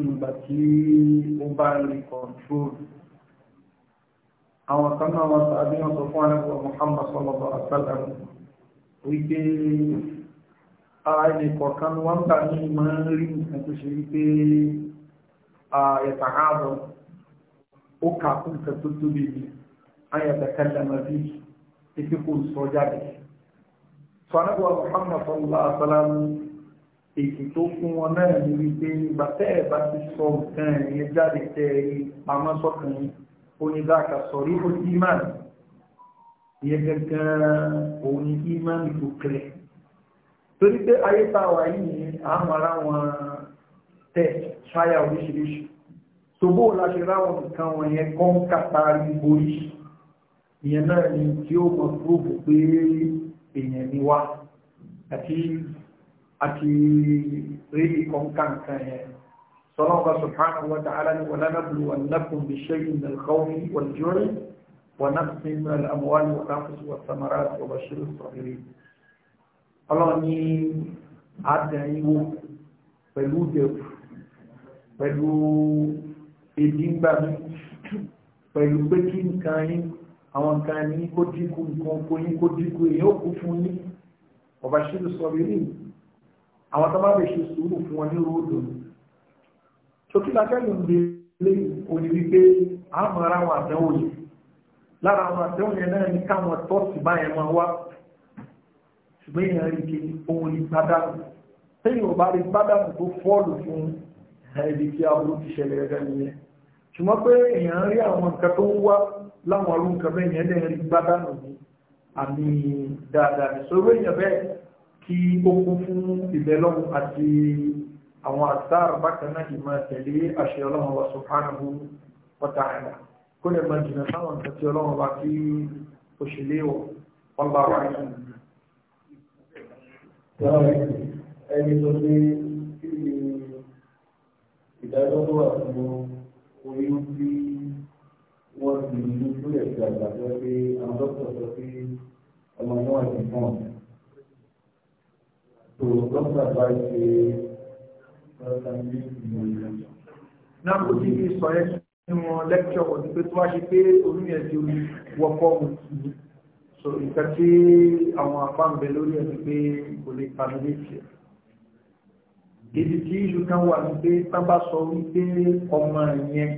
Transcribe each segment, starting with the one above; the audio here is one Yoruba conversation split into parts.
ìgbà tí ó bá rí kọ̀ntrol àwọn kan náà wọn tàbí wọn sọ fún àrẹ́bọ̀ Muhammad sọlọ́bọ̀ àtàlà wípé ara ẹni kọ̀ọ̀kan wọn gbà ní ìmọ̀ rí nǹkan tó ṣe wípé ẹ̀tàhàbọ̀ ó kà fún nǹkan tó tóbi ni ayẹ̀tàkàlẹ̀mọ̀ bí ife kò sọ jáde. sọ àrẹ́bọ̀ Muhammad sọlọ́bọ̀ àtàlà èsì tó fún wọn náà ní wípé ìgbà tẹ́ ẹ̀ bá ti sọ nǹkan ẹ̀yẹn jáde tẹ́ ẹ̀rí pamọ́ sọ́kàn yín onídàáka sọ̀rí ó sí ìmáàlì ìyẹn gangan òun ni ìmáàlì tó kẹlẹ̀ torí pé ayé tá a wà yìí ni àwọn ará wọn tẹ̀ ṣáyà oríṣiríṣi tòbó la ṣe ráwọn nǹkan wọn yẹn kọ́ń kàtàrí ìyẹn náà ni tí ó mọ̀ fúròbù pé èèyàn ni wá àti àti rí ìkọ̀ǹkàǹkà yẹn sọ́nà ọba subhanahu wa ta'ala ni wa lanabluwannakum bi shay'in min al-khawfi wal-ju'i wa naqsin min al-amwali wal-anfusi wath-thamarati wa pẹ̀lú pé kí nǹkan yín àwọn nǹkan ní kó dínkù nǹkan kó yín kó dínkù èyí kú fún yín ọba ṣílù rí àwọn tó bá lè ṣe sùúrù fún wọn ní róòdù ṣókí lákẹ́lù ń gbé òní wípé a mọ̀ ara àwọn àdánwò yìí lára àwọn àdánwò yẹn náà ní káwọn tọ́sí báyẹn máa wá ṣùgbọ́n èèyàn rí kí òun ní gbádàmù tẹ́yìn ò bá rí gbádàmù tó fọ́ọ̀lù fún ẹbí tí aburú ti ṣẹlẹ̀ gẹ́gẹ́ nìyẹn ṣùgbọ́n pé èèyàn rí àwọn nǹkan tó ń wá láwọn ọdún kan bẹ́ẹ̀ yẹn lẹ́yìn rí gbádàmù ní àmì dáadáa tí ó kún fún ìbẹ̀lọ́wọ́ àti àwọn àtàrà bákan náà ti máa tẹ̀lé àṣẹ ọlọ́run wa subhanahu wa ta'ala kó lè máa jìnà sáwọn nǹkan tí ọlọ́run wa kí ó ṣe léwọ̀ wọ́n bá wà ní ẹni tó ní ìdájọ́ tó wà fún oyún tí wọ́n ti ní lórí ẹ̀sìn àgbàdo pé àwọn dókítà sọ pé ọmọ náà ti fún ọ̀sẹ̀ So don't advise the náà kò sí kí sọ yẹn nínú lẹ́kṣọ̀ òní pé tó wá ṣe pé orí yẹn ti wọ́pọ̀ mùsùlùmí so ìkà tí àwọn àpáǹbẹ̀ lórí ẹni pé kò lè pàdé léṣe ìdí tí ìlú kan wà ní pé tábà sọ wípé ọmọ yẹn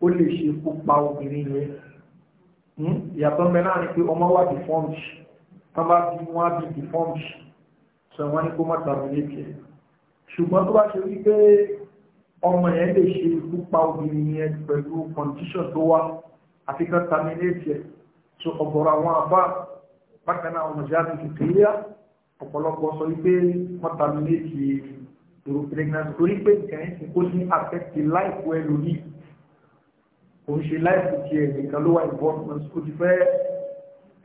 ó lè ṣe kó obìnrin yẹn hmm? ìyàtọ̀ mẹ́rin náà ni pé ọmọ wà dìfọ́ǹsì tábà bí wọ́n á bí dìfọ́ǹsì sọ wọ́n ní kó mọ́ terminate ẹ̀ ṣùgbọ́n tó bá ṣe wí pé ọmọ yẹn lè ṣe ikú pa obìnrin yẹn pẹ̀lú condition tó wá àti kan terminate ẹ̀ so ọ̀gọ̀rọ̀ àwọn àbá bákan náà ọmọ jáde ti tẹ̀lé ọ̀pọ̀lọpọ̀ sọ wípé wọ́n terminate èrò pregnancy torí pé nǹkan ẹ̀sìn kó ní affect life well lórí kò ń ṣe life tiẹ̀ nìkan ló wà involvement kò ti fẹ́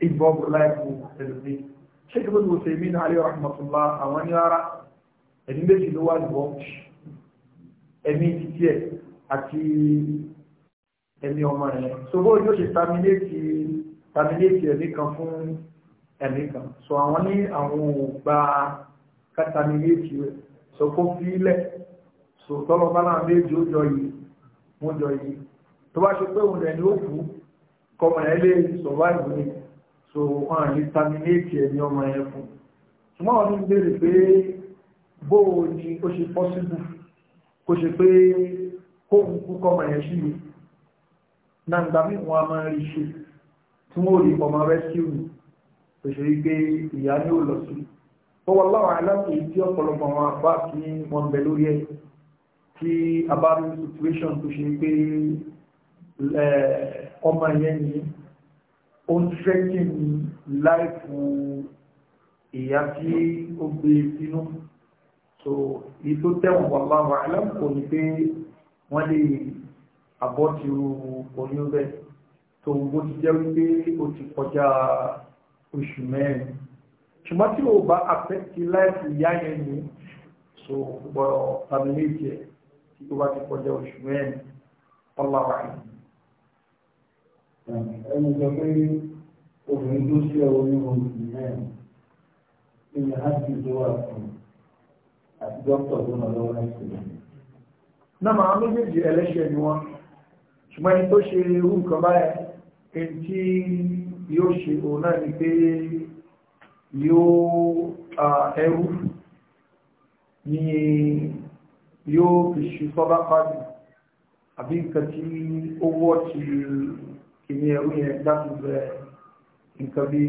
involve life ẹlòmíràn ṣéèkì bó ti wòsàn èmi náà alẹ́ rahmatullah àwọn ní rárá ẹni méjì ló wà lùbọ́ ẹ̀mí títí ẹ̀ àti ẹ̀mí ọmọ rẹ̀ so bó yóò ṣe tàmínéètì tàmínéètì ẹ̀mí kan fún ẹ̀mí kan so àwọn ní àwọn ò gba kátàmínéètì rẹ̀ so kó fi so tọ́lọ́ bá méjì ó jọ yìí wọ́n jọ yìí tó bá ṣe pé òun rẹ̀ ni ó kú kọmọ ẹ̀ lè survive ní so wọ́n àrí terminate ẹni ọmọ ẹ̀ fún ṣùgbọ́n wọ́n ní bèèrè pé bóò ni ó ṣe possible kó ṣe pé kóhun kú kọmọ ẹ̀ sí mi náà gbà mí wọn a máa rí ṣe tí wọ́n rí ọmọ rescue mi kò ṣe rí pé ìyá ní ò lọ sí ó wọ́n láwọn aláṣẹ tí ọ̀pọ̀lọpọ̀ àwọn àbá tí wọ́n bẹ lórí ẹ̀ tí a bá rí situation tó ṣe pé ọmọ yẹn nìyẹn ó ń fẹ́ kí ni láìfù ìyá tí ó gbé sínú so èyí tó tẹ̀wọ̀n wà láwà aláǹkó ni pé wọ́n lè abọ́tiru oyún bẹ́ẹ̀ tó bó ti jẹ́ wípé ó ti kọjá oṣù mẹ́rin ṣùgbọ́n tí ó bá àfẹ́kì láìpù ìyá yẹn ni so gbọ́dọ̀ tàbí méjì ẹ̀ tí ó bá ti kọjá oṣù mẹ́rin ọláwà yìí ẹni sọ pé obìnrin tó ṣe ẹwọ ní oṣù mẹ́rin ní ní ápì tó wà fún àti dókítà tó nà lọ́wọ́ láti rẹ̀. náà màá méjèèjì ẹlẹ́ṣẹ̀ ni wọ́n ṣùgbọ́n ẹni tó ṣe irú nǹkan báyẹn ẹni tí yóò ṣe òun náà ni pé yóò ẹrú ni yóò fi ṣe sọ́bá àbí nǹkan tí ó wọ́ ti ìní ẹ̀rú yẹn láti bẹ̀ nǹkan bí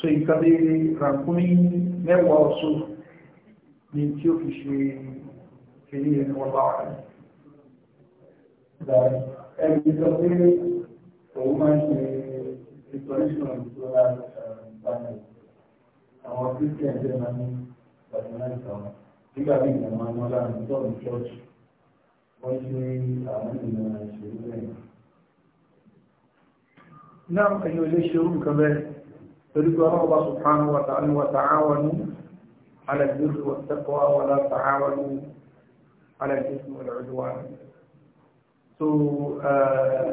so nǹkan bí ràkúnmí mẹ́wàá ọ̀ṣọ́ ni tí ó fi ṣe kìí ẹni wọ́n bá wà ní ẹni sọ pé òun máa ń ṣe ìtọ́lẹ́ṣọ̀n ìtura ìbáyọ̀ àwọn christian jẹ́ máa ní pàtàkì náà ìtàn nígbà bí ìyàmọ́ àwọn aláàmì tó ń ṣọ́ọ̀ṣì wọ́n ṣe àwọn ènìyàn ṣèlú bẹ́ẹ̀. náà ẹ̀yìn olè ṣe orú nǹkan bẹ́ẹ̀ torí pé ọlọ́wọ́ bá subhanahu wa ta'ala wa ta'awanu ala al-birri wa at-taqwa wa la ta'awanu ala al-ithmi wal 'udwan. so eh,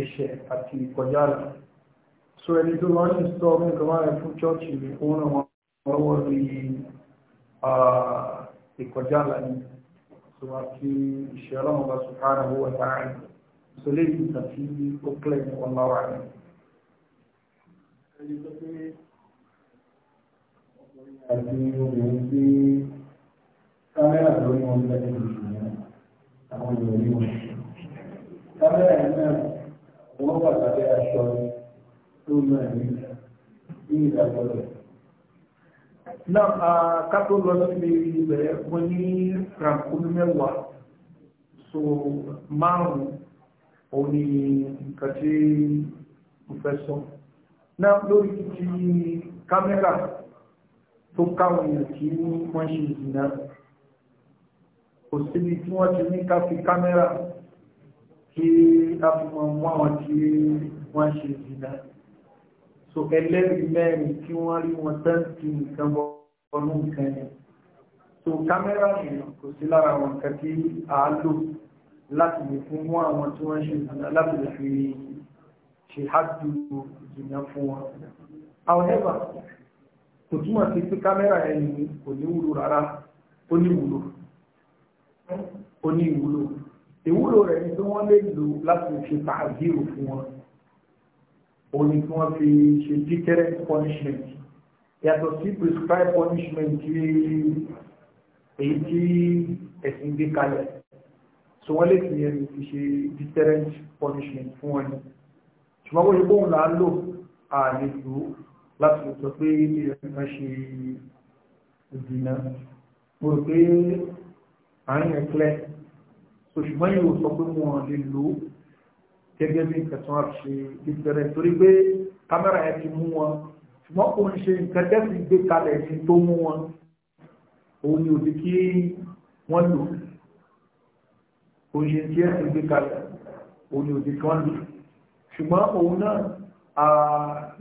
ẹ̀ṣẹ̀ àti ìkọjá rẹ̀ so ẹni tó lọ ní sọ ọmọ nǹkan máa rẹ̀ fún chọ́ọ̀chì rẹ̀ ó ràn wọn lọ́wọ́ rí ìkọjá rẹ̀ ni so àti ìṣẹ́ ọlọ́run bá subhanahu wa ta'ala so léyìí àti ó kílẹ̀ ní wọn lára wọ́n wà lábẹ́ aṣọ tó náà ní ní ìdájọ́ rẹ̀. Náà kátó lọ sí ibẹ̀ mo ní ràkúnmí mẹ́wàá so márùn-ún òun ni nǹkan tí mo fẹ́ sọ. Náà lórí ti kámẹ́rà tó káwọn èèyàn tí wọ́n ṣe ìdìnnà kò síbi tí wọ́n ti ní ká fi kámẹ́rà kí a fi mọ mú àwọn tí wọ́n ṣe jìnà so ẹlẹ́rìí mẹ́rin tí wọ́n rí wọn tán ti nǹkan bọ́ ọ̀nà nǹkan yẹn so kámẹ́rà nìyàn kò sí lára àwọn nǹkan tí a lò láti lè fún mú àwọn tí wọ́n ṣe jìnà láti lè fi ṣe hádù jìnà fún wọn however kò túmọ̀ sí pé kámẹ́rà yẹn ni kò ní wúlò rárá ó ní wúlò ó ní ìwúlò ìwúlò rẹ̀ ni pé wọ́n lè lò láti ṣe tààzírò fún wọn ó ní kí wọ́n fi ṣe deterrent punishment yàtọ̀ sí prescribed punishment èyí tí ẹ̀sìn gbé kalẹ̀ so wọ́n lè fi yẹn fi ṣe deterrent punishment fún wọn ni ṣùgbọ́n bó ṣe bóun là ń lò ààyè lò láti lè sọ pé ìrìnà ṣe ìdìnnà mo rò pé àárín ẹ̀kẹ́lẹ́ ṣùgbọ́n yóò sọ pé wọ́n lè lò ó gẹ́gẹ́ bí nǹkan tí wọ́n ṣe ìbẹ̀rẹ̀ torí pé kámẹ́rà yẹn ti mú wọn ṣùgbọ́n kò ń ṣe nǹkan tẹ́sí gbé kalẹ̀ sí tó mú wọn òun ni òbí kí wọ́n lò kò ń ṣe tí ẹ̀sìn gbé kalẹ̀ òun ni òbí kí wọ́n lò ṣùgbọ́n òun náà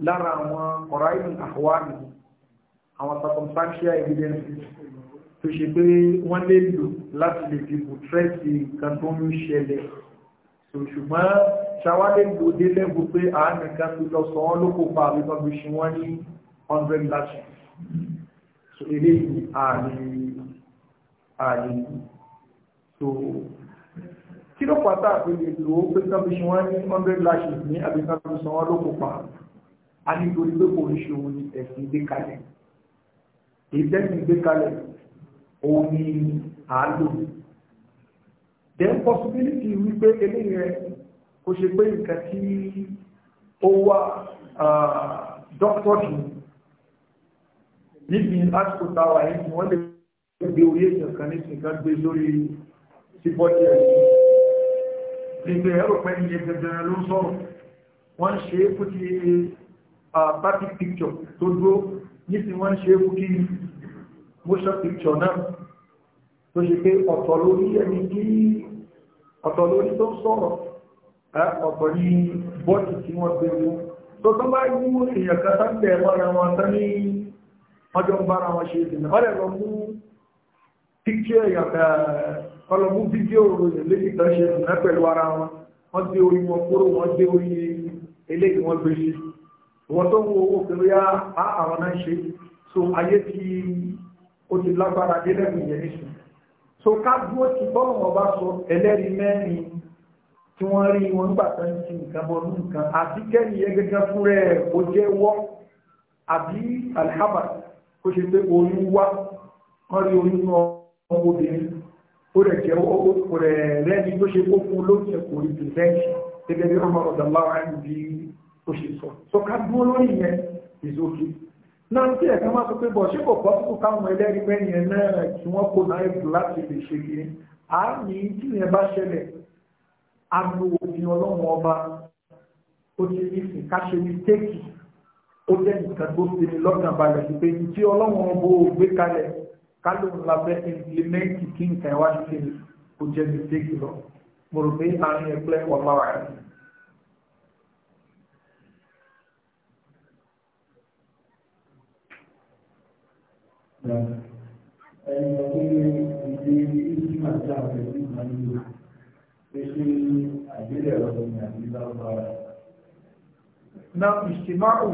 lára àwọn ọ̀rá ìlú àwọn àwọn circumstantial evidence tó ṣe pé wọ́n lè lò láti lè fi bùtrẹ́sì nǹkan tó ń ṣẹlẹ̀ ṣùgbọ́n ṣàwálé lò dé lẹ́gbù pé àánì kan tó lọ sọ wọ́n ló kópa àbíkan bí ṣe wọ́n ní 100 láti so eré yìí ààrẹ yìí so kí ló pàtà pé lè lò ó pé kan ṣe wọ́n ní 100 láti ní àbíkan tó sọ wọ́n ló kópa a nítorí pé kò ń ṣe òun ní ẹ̀sìn gbé kalẹ̀ èyí tẹ́sìn gbé kalẹ̀ òun ni àálò then possibility wípé eléyẹn kò ṣe pé nǹkan tí ó wá dọ́kítọ́ọ̀tì níbi lásìkò táwà yìí ni wọ́n lè gbé orí èèyàn kan ní ṣìkan gbé sórí síbọ́dì ẹ̀ nígbẹ̀ ẹ̀rọ pẹ́ ní ẹgbẹ̀rẹ̀ ló sọ̀rọ̀ wọ́n ń ṣe é fún ti party picture tó dúró ní ti wọ́n ń ṣe é fún kí motion picture náà tó ṣe pé ọ̀tọ̀ lórí ẹni tí ọ̀tọ̀ lórí tó sọ̀rọ̀ ọ̀tọ̀ ní bọ́ọ̀tì tí wọ́n gbé wọn tó tó bá mú èèyàn kan tán tẹ̀ mọ́ra wọn tán ní ọjọ́ ń bára wọn ṣe ìdènà ọ̀rẹ́ lọ mú picture èèyàn kan ọlọ mú fídíò ròyìn lẹ́yìn kan ṣe ìdènà pẹ̀lú ara wọn wọ́n gbé orí wọn kúrò wọ́n gbé orí eléyìí wọ́n gbé ṣe ìwọ́n tó ń wo owó pẹ̀lú so ayé ti ó ti lágbára dé lẹ́nu ìyẹn nísìn so ká dúró ti bọ́ọ̀lù ọba sọ ẹlẹ́rìí mẹ́rin tí wọ́n rí wọn nígbà tó ń ti nǹkan bọ́ọ̀lù nǹkan àti kẹ́ni yẹn gẹ́gẹ́ fún rẹ̀ ó jẹ́ wọ́ àbí alhaba kó ṣe pé oyún wá wọ́n rí oyún náà ọmọbìnrin ó rẹ̀ jẹ́ ó rẹ̀ lẹ́ni tó ṣe kó fún lóṣù kò rí pìrìsẹ́ǹtì gẹ́gẹ́ bí ọmọ ọ̀dàláwà ń bí ó ṣe sọ so ká dúró lórí yẹn ìzókè náà tí ẹ̀ka máa sọ pé bọ̀ ṣé kò pọ́sibú káwọn ẹlẹ́rìí mẹ́rin yẹn náà tí wọ́n kó náà ètò láti lè ṣe kiri á ní tí yẹn bá ṣẹlẹ̀ àmì òfin ọlọ́run ọba ó ti ní sìn káṣe ní téèkì ó jẹ́ nǹkan tó fi ní lọ́kàn balẹ̀ sí pé tí ọlọ́run ọba ò gbé kalẹ̀ ká ló ń labẹ́ implimẹ́ǹtì kí nǹkan ẹ̀ wá ṣe kó jẹ́ ní téèkì lọ mo rò pé àárín ẹgbẹ́ wà máa wà ní. ẹni sọ pé ìdí ìsìnkà tí a fẹ́ sí máa ń na ìṣìmáàrù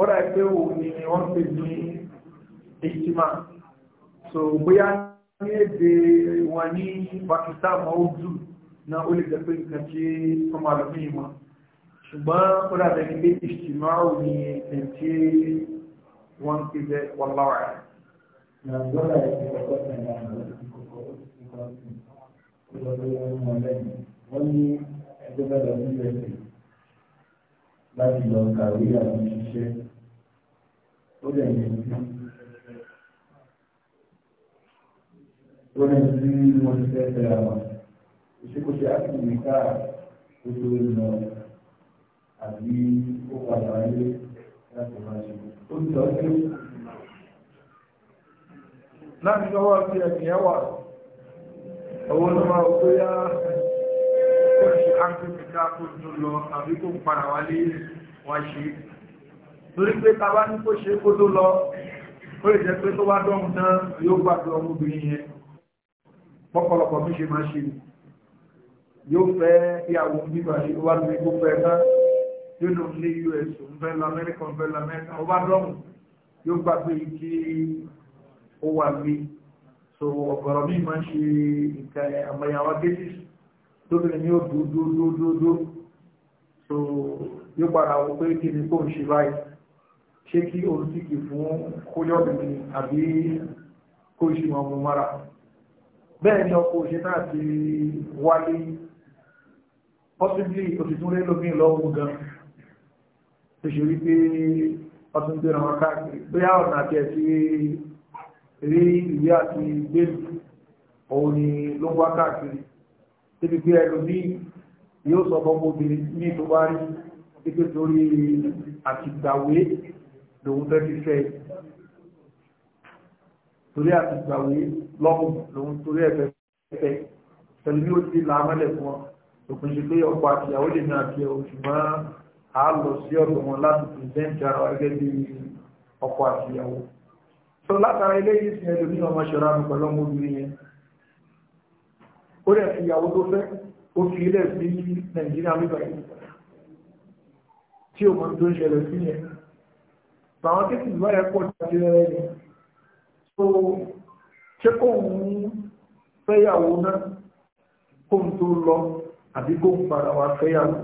ó dà pé òun ni wọ́n pè ní ìṣìmá so bóyá ní èdè wọn ní Pakistan mọ́ọ́dù na ó lè jẹ́ pé nǹkan tí wọ́n máa lọ fún ìmọ̀ ṣùgbọ́n ó dà bẹ́ẹ̀ ni pé ìṣìmáàrù ni wọ́n ń ké jẹ́ wọ́n láwà rẹ̀. wọ́n ní ẹgbẹ́ bá lọ sí ẹ̀sìn láti lọ kàwé àwọn òṣìṣẹ́ ó lè ní sí ó lè sí wọn ti fẹ́ fẹ́ àwọn ìṣekúṣe àkùnrin káà ó tó lọ àbí ó padà wáyé láti lọ́wọ́ sí ẹ̀kìyàn wà owó ló máa ó yá ó ṣe áńkìkìká tó tún lọ àbí kò padà wálé wọ́n ṣe torí pé tàbá ní kó ṣe kó tó lọ ó lè jẹ́ pé tó bá dọ́hùn tán yóò gbàgbé ọmọbìnrin yẹn pọ́pọ̀lọpọ̀ bí ṣe máa ṣe yóò fẹ́ ìyàwó bíbà ṣe wá lórí kó fẹ́ náà yóò lòun ní us òun fẹ́ lọ amẹ́ríkà òun fẹ́ lọ amẹ́ríkà ó bá dọ́hùn yóò gbà pé kí ó wà bí so ọ̀gọ̀rọ̀ mi máa ń ṣe nǹkan àmọ̀yàwó cases lóbìnrin ni ó dúdúdúdúdú so yóò padà wọ pé kí ni kò ń ṣe báyìí ṣé kí òun sì kì fún kóyọ̀bìnrin àbí kó ṣe wọn mú mara bẹ́ẹ̀ ni ọkọ̀ òṣè náà ti wálé possibly òṣìṣúnlé lómi lọ́wọ́ gan-an tó ṣe wípé ọtún gbéra wọn káàkiri bóyá ọ̀nà àti ẹ̀sí rí ìwé àti bẹ́ẹ̀lì òun ni ló ń wá káàkiri débi pé ẹlòmíì yóò sọ fọ́mọ obìnrin ní tó bá rí pípé torí àtìgbàwé lòun fẹ́ fi fẹ́ torí àtìgbàwé lọ́hùn lòun torí ẹ̀fẹ́ fẹ́ pẹ̀lú bí ó ti là á mọ́lẹ̀ fún ọ òpin ṣe pé ọkọ àtìyàwó lè ní àti ẹ̀ òṣùgbọ́n a lọ sí ọ̀dọ̀ wọn láti pìrìsẹ́ntì ara wa gẹ́gẹ́ bí ọkọ àti ìyàwó tó látara eléyìí sí ẹlòmí ọmọ ṣọ́ra mi pẹ̀lú ọmọ obìnrin yẹn ó dẹ̀ fi ìyàwó tó fẹ́ ó fi ilẹ̀ sí nàìjíríà nígbà yìí tí o mọ̀ tó ń ṣẹlẹ̀ sí yẹn bàwọn tí kìí báyẹ̀ pọ̀ jáde rẹ̀ ni so ṣé kò ń fẹ́yàwó náà kó ń tó lọ àbí kó ń padà wá fẹ́yàwó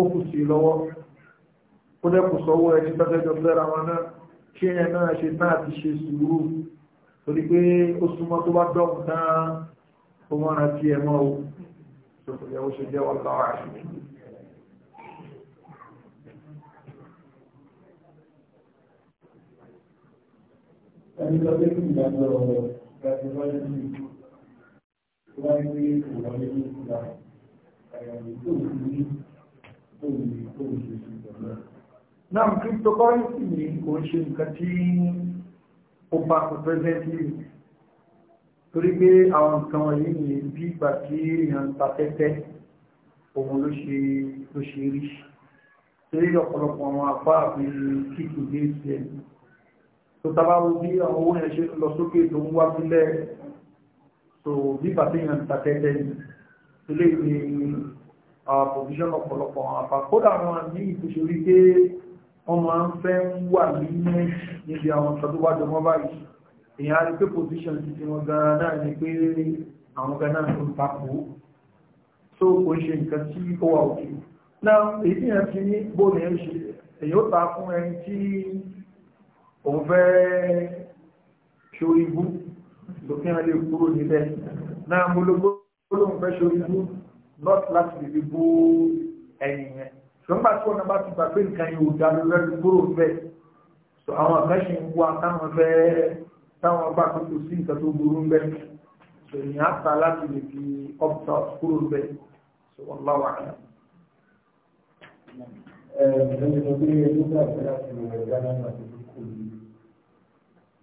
ó kù sí lọ́wọ́ ó dẹ́kù sọ́wọ́ ẹni tọ́jọ́jọ́ fẹ́ra wọn náà kí ẹ náà ṣe náà ti ṣe sùúrù torí pé ó súnmọ́ tó bá dọ́kù tán ó mọ́ra tí ẹ mọ́ o ṣòkòyẹ̀wò ṣe jẹ́ wọn lọ́wọ́ àṣìṣe ẹni lọ pé kí ìdájọ́ ọ̀rọ̀ láti wáyé sí wáyé pé kò wáyé ní ìgbà ẹ̀yàn tó kù ní náà cryptocurrency ni kò ń ṣe nǹkan tí ó bá kò presently torí pé àwọn nǹkan wọ̀nyí ni bí ìgbà tí èèyàn ń ta tẹ́tẹ́ òun ló ṣe ló ṣe rí torí ọ̀pọ̀lọpọ̀ àwọn apá àbí kíkì dé sí ẹ̀ tó tábà wo bí àwọn owó yẹn ṣe lọ sókè tó ń wá sílẹ̀ so bí ìgbà tí èèyàn ń ta ni ilé ìwé provision ọ̀pọ̀lọpọ̀ àpá kódà wọn ní ìfòṣorí pé wọ́n máa ń fẹ́ ń wà nínú níbi àwọn ọ̀sán tó wájọ mọ́ báyìí èèyàn á rí pé position ti ti wọn gan náà ni pé àwọn gan náà tó ń takò so kò ṣe nǹkan tí ó wà òkè náà èyí tí yẹn ti ní bóòlù yẹn ṣe èyí ó ta fún ẹni tí òun fẹ́ ṣorí bú lókè hàn lè kúrò níbẹ̀ náà mo lọ gbọ́dọ̀ not láti the fi bó ẹ̀yìn yẹn ṣùgbọ́n tí wọ́n bá ti gbà pé nǹkan yóò dá lórí ẹni kúrò so àwọn àkàṣe ń wá táwọn fẹ́ táwọn bá kó tó sí nǹkan tó burú bẹ́ẹ̀ so ìyẹn á ta láti lè fi ọ̀pọ̀ta so wọ́n lá wà ní. Ẹ̀ẹ́dẹ́gbẹ̀rún tó gbé nígbà tí láti lè rẹ̀ dáná àti kúkú yìí,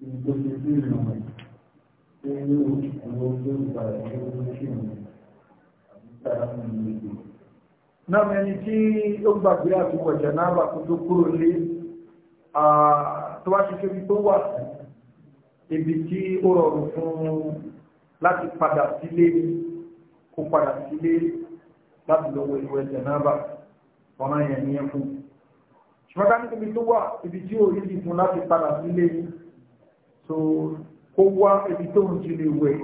ìgbésẹ̀ sí ìrìnà, ṣé ní náà mẹ́ni tí ó gbàgbé àti wọ̀jà náà bà kó tó kúrò lé tó wá ṣiṣẹ́ bí tó wà sí ibi tí ó rọrùn fún láti padà sílé kó padà sílé láti lọ wọ ìwẹ̀ ọ̀nà yẹn ní ẹkùn ṣùgbọ́n ká nítorí tó wà ibi tí ó rí sí fún láti padà sílé so kó wá ibi tó ń ti lè wẹ̀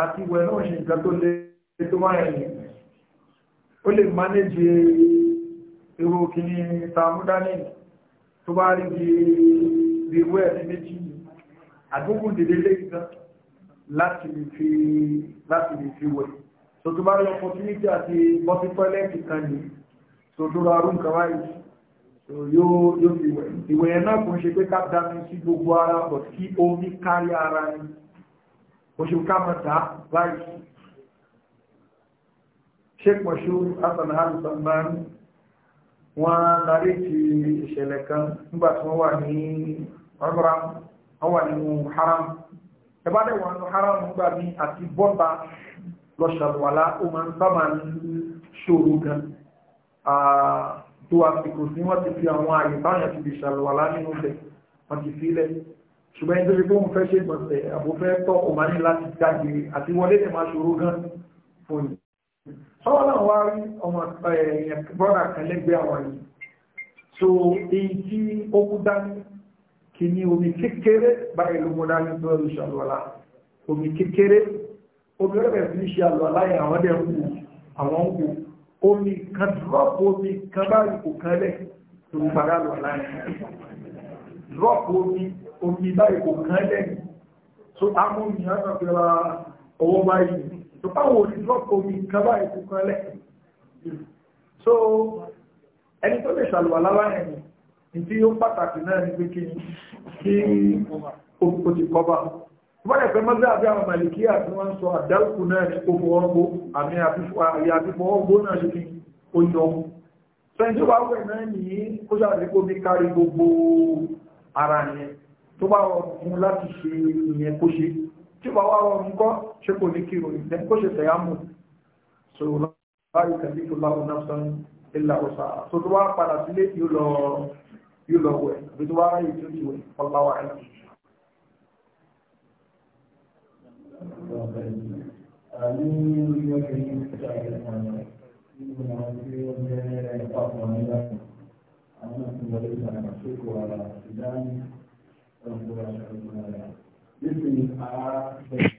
àti ìwẹ̀ náà ṣe nǹkan tó lé tó máa yẹn ó lè manage èrò kìíní tààmúdání tó bá rí bí ìwé ẹ̀rí méjì àdúgbò dèdè lẹ́gbẹ̀ẹ́ láti lè fi wẹ̀ so tó bá rí opportunity àti bọ́sí tọ́lẹ́ẹ̀tì kan ní so tó rọ arún kan báyìí so yóò fi wẹ̀ ìwẹ̀ ẹ̀ náà kò ń ṣe pé ká dámi sí gbogbo ara bọ̀ kí omi kárí ara ni sheikh moshood hassan al salman wọ́n larí ti ìṣẹ̀lẹ̀ kan nígbà tí wọ́n wà ní ọmọra wọ́n wà nínú haram ẹ̀bá dẹ̀ wọ́n nínú haram nígbà ní àti bọ́ta lọ́ṣàlùwàlá ó máa ń sábà ní ṣòro gan tó àsìkò sí wọ́n ti fi àwọn àyè báyàn ti fi ṣàlùwàlá nínú bẹ̀ wọ́n ti filẹ̀ ṣùgbọ́n ìdórí pé òun fẹ́ ṣe gbọ̀nsẹ̀ àbò fẹ́ tọ́ òmání láti jáde àti wọlé ti máa ṣòro gan fún yìí àwọn náà wá rí ọmọ so èyí tí ó kú dání kì ní omi kékeré báyìí ló mú dání tó ẹrù ṣàlùwàlá omi kékeré omi rẹ̀ fi ṣe àlùwàlá yẹn àwọn dẹ̀ ń wò àwọn ń wò omi kan dúrọ́pù omi kan báyìí kò kan lẹ̀ tó ń padà àlùwàlá yẹn dúrọ́pù omi omi báyìí kò kan lẹ̀ so àwọn òmìnira náà fi ra báyìí tó báwo ní blọ́ọ̀kì omi nǹkan báyìí fún kan lẹ́yìn so ẹni tó lè ṣàlùwàlá láyẹ̀ ni ní tí ó pàtàkì náà ní pé kí ni kí o ti kọ́ bá wọ́n ẹ̀fẹ́ mọ́sí àbí àwọn màlìkí àti wọ́n sọ àdálùkù náà ní kó fọwọ́ gbó àmì àfífọwọ́ gbó náà ní kí ó yọ fẹ́ntí wà wẹ̀ náà ní kó sàrí kó bí kárí gbogbo ara yẹn tó bá rọrùn láti ṣe ìyẹn kó ṣe tí bàbá wa ń kọ́ ṣe kò ní kírun ìdẹ́ kó ṣe tẹ̀yà mú so láyé kàbí tó láwọn náà san ilà ọ̀sà so tó wá padà sílé yóò lọ wẹ̀ àbí tó wá ráyè tó ti wẹ̀ ọláwà ẹ̀ Àwọn akẹ́kọ̀ọ́ ìgbàlódé àti àṣekọ̀ọ́ àti ìdáhùn ọ̀gbọ́n àti ọ̀gbọ́n àti This is our